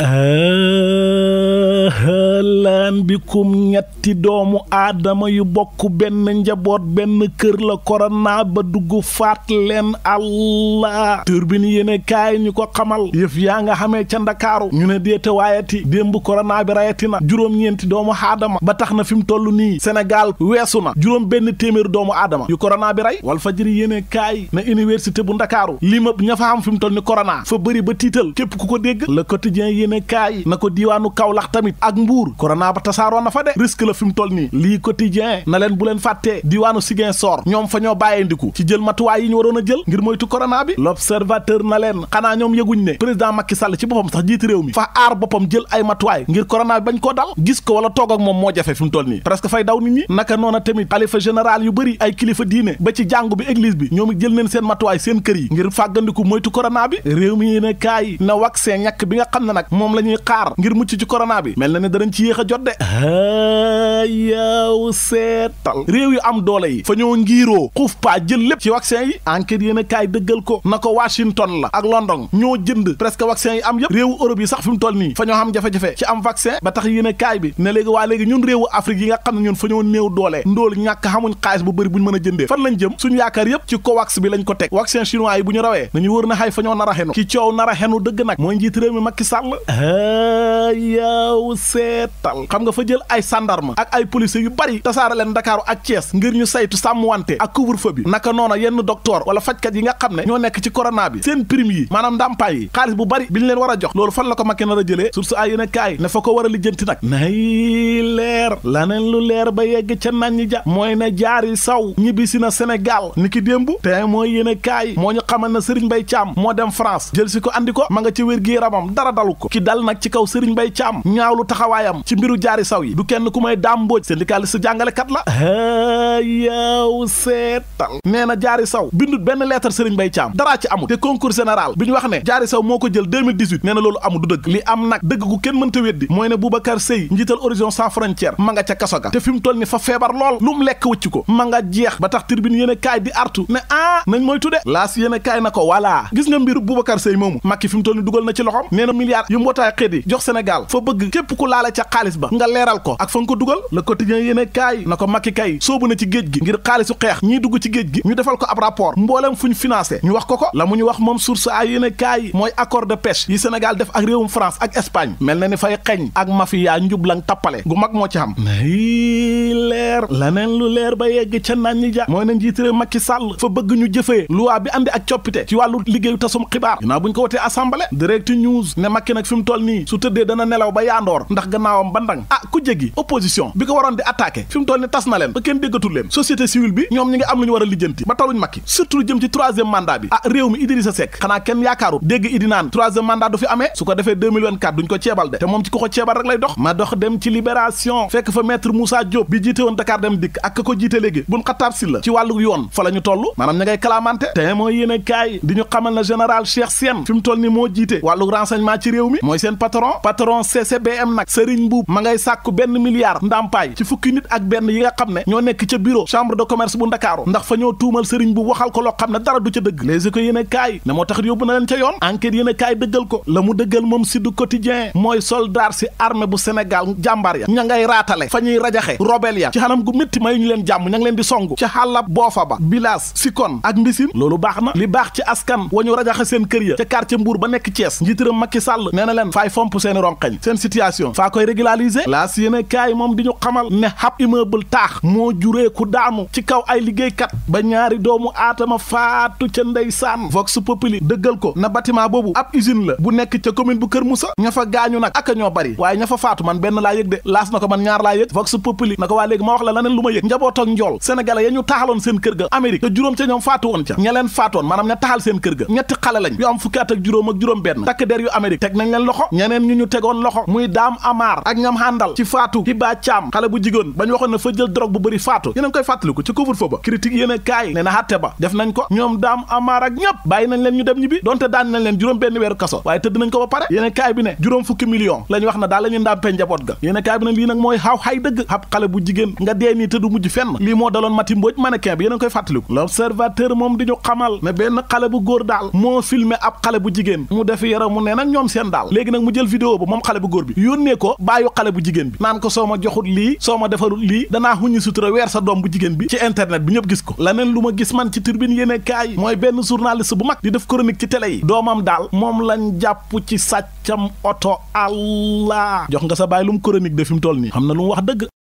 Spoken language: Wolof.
Uh, bikum ñetti doomu aadama yu bokk benn njaboot benn kër la korona ba dugg faat leen allah turbine yéene kaay ñu ko xamal yëf yaa nga xamee ca ndakaaru ñu ne déete waayati démb korona bi rayati na juróom-ñeenti doomu aadama ba tax na fi mu toll nii Sénégal weesu na juróom benn téeméer doomu aadama yu korona bi rey wal fajiri yéene kaay na université bu ndakaaru limab ña fa am fi mu toll ni korona fa bëri ba tiital képp ku ko dégg le quotidien yéene kaay na ko diiwaanu Kaolack tamit ak mbuur korona ba tasaa tasaaroo na fa de risque la fi mu toll nii lii quotidien na leen bu leen fàttee diwaanu Ziguinchor ñoom fa ñoo bàyyeendiku ci jël matuwaay yi ñu waroon a jël ngir moytu corona bi l'observateur na leen xanaa ñoom yëguñ ne président Macky Sall ci boppam sax jiiti réew mi fa aar boppam jël ay matuwaay ngir corona bi bañ koo dal gis ko wala toog ak moom moo jafe fi mu toll nii presque fay daw nit ñi naka noona tamit xalifa général yu bëri ay kilifa diine ba ci jàngu bi église bi ñoom it jël neen seen matuwaay seen kër yi ngir fàggandiku moytu corona bi réew mi yéen na bi nga xam ne nag moom la ñuy xaar ngir mucc ci corona bi mel ne danañ ci yéex a yaaw seetal réew yu am doole yi fa ñoo ngiiroo xuuf paa jël lépp ci vaccin yi enquête yéen a kaay dëggal ko na ko Washington la ak London ñoo jënd presque vaccin yi am yëpp réewu Europe yi sax fi mu toll nii fa ñoo xam jafe-jafe ci am vaccin ba tax yéen kaay bi ne léegi waa léegi ñun réewu Afrique yi nga xam ne ñun fa ñoo néew doole ndóol ñàkk xamuñ xaalis bu bëri bu ñu mën a jëndee fan lañ jëm suñu yaakaar yëpp ci COVAX bi lañ ko teg vaccin chinois yi bu ñu rawee nañu wër na xay fa ñoo nar a xenu ki coow dëgg nag mooy njiit réew mi Macky Sall yaaw seetal xam nga dafa jël ay sandarma ak ay policiers yu bari tasaare leen Dakar ak Thiès ngir ñu saytu sàmmwante ak couvre-feu bi naka noona yenn docteur wala fajkat yi nga xam ne ñoo nekk ci corona bi seen prime yi maanaam ndàmpaay yi xaalis bu bari bi ñu leen war a jox loolu fan la ko Macky nar a jëlee source ay yéen a kaay ne fa ko war a lijjanti nag nay leer laneen lu leer ba yegg ca nan ñi ja mooy ne jaari saw ñibbisi na Sénégal ni ki démb te mooy yéen a moo ñu xamal na Serigne Mbaye Thiam moo dem France jël si ko andi ko ma nga ci wér gi yaramam dara dalu ko ki dal nag ci kaw Serigne Mbaye Thiam ñaawlu taxawaayam ci mbiru jaari saw yi du kenn ku may dàmbooj syndicaliste jàngalekat la yow seetal nee na jaari saw bindut benn lettre Serigne Mbaye Thiam daraa ci amul te concours général bi ñu wax ne jaari saw moo ko jël 2018 nee na loolu amul du dëgg li am nag dëgg gu kenn mënta weddi mooy ne Boubacar Seye njiital Horizon Sans Frontières ma nga ca kaso ga te fi mu toll ni fa feebar lool lu mu lekk wëcc ko ma nga jeex ba tax tribune yéen kaay di artu ne ah nañ mooy tudde laas yéen kaay ko voilà gis nga mbiru Boubacar Seye moomu Macky fi mu toll dugal na ci loxom nee na milliards yu mbootaay xeet yi bëgg képp ku laale ca xaalis ba leeral ko ak fa nga ko dugal le quotidien yéen kaay na ko Macky kay soobu na ci géej gi ngir xaalisu xeex ñiy dugg ci géej gi ñu defal ko ab rapport mbooleem fu ñu financé ñu wax ko ko la mu ñu wax moom source ay yéen kaay mooy accord de pêche yi Sénégal def ak réewum France ak Espagne mel na ni fay xeeñ ak mafia njublang tappale gu mag moo ci xam nay leer la laneen lu leer ba yegg ca naan ñi ja mooy na njiit réew Macky Sall fa bëgg ñu jëfee loi bi andi ak coppite ci wàllu liggéeyu tasum xibaar ginnaaw bu ñu ko wotee assemblée direct news ne Macky nag fi mu toll nii su tëddee dana nelaw ba yaandoor ndax gannaawam bandang ah ku jégi opposition bi ko waroon di attaqué fi mu toll ni tas na leen ba kenn déggatul leen société civile bi ñoom ñi am lu ñu war a lijjanti ba taluñ Macky surtout jëm ci troisième mandat bi ah réew mi Idrissa Seck xanaa kenn yaakaaru dégg Idi naan troisième mandat du fi amee su ko defee 2024 duñ ko ceebal de te moom ci ko ko ceebal rek lay dox ma dox dem ci libération fekk fa maître Moussa Diop bi jiite woon Dakar dem dikk ak ko jiite sàkku benn milliard ndàmpaay ci fukki nit ak benn yi nga xam ne ñoo nekk ca bureau chambre de commerce bu ndakaaru ndax fa ñoo tuumal sëriñ bu waxal ko loo xam ne dara du ca dëgg les écoles yéen a ne moo tax yóbbu na leen ca yoon enquête yéen a kaay dëggal ko la mu dëggal moom si du quotidien mooy soldat si armée bu Sénégal jàmbaar ya ña raatale fa ñuy rajaxe robel ya ci xanam gu métti may ñu leen jàmm ña leen di song ci xàllab boofa ba bilaas sikon ak mbisim loolu baax baax ci askan wa ñu rajaxe seen kër ya ca quartier mbuur ba nekk Thiès njiitëram Macky nee na leen faay fomp seen ronqañ seen situation faa koy régulariser L'Évidence yéen kaay moom di ñu xamal ne ab taax moo juree ku daanu ci kaw ay liggéeykat ba ñaari doomu aatama faatu ca ndeysaan Vox Populi dëggal ko na bâtiment boobu ab usine nekk ca commune bu Kër Moussa ña fa gaañu nag ak ñoo fa faatu man benn la laneen lu ma yëg njaboot ak njool sénégalais ya ñu taxaloon seen kër ga Amérique te juróom ca ñoom faatu woon ca ña leen faatoon maanaam ña taxal seen kër ga ñetti xale lañ yu am fukki at ak juróom ak juróom benn takk der yu Amérique teg nañ leen loxo ñeneen ñu ñu tegoon loxo muy daam amaar ak ñam hàndal ci faatu Hiba Thiam xale bu jigéen bañ waxoon na fa jël drogue bu bëri faatu yéen a ngi koy fàttaliku ci couvre-feu ba critique yéen kaay ne na xàtte ba def nañ ko ñoom daam amaar ak ñëpp bàyyi nañ leen ñu dem ñibbi donte daan nañ leen juróom benn weeru kaso waaye tëdd nañ ko ba pare yéen a kaay bi ne juróom fukki million lañu wax na daal la ñuy ndàmpee njaboot ga yéen kaay bi na lii nag mooy xaw xay dëgg ab xale bu jigéen nga dee nii tëdd mujj fenn lii moo daloon Mati Mbodj mannequin bi yéen a ngi koy moom di ñu benn xale bu góor daal moo filmé ab xale bu jigéen mu def yaram mu ne nag ñoom seen daal léegi nag mu jël vidéo ba moom xale bu góor bi yónnee ko bàyyu xale bu jigéen naan ko soo ma joxut lii soo ma defarut lii danaa xuññi sutura weer sa doom bu jigéen bi ci internet bi ñëpp gis ko laneen lu ma gis man ci turbine yéene kaay mooy benn journaliste bu mag di def chronique ci télé yi doomam daal moom lañ jàpp ci sàccam oto allah jox nga sa bàyyi lu mu chronique de fi mu toll nii xam na lu wax dëgg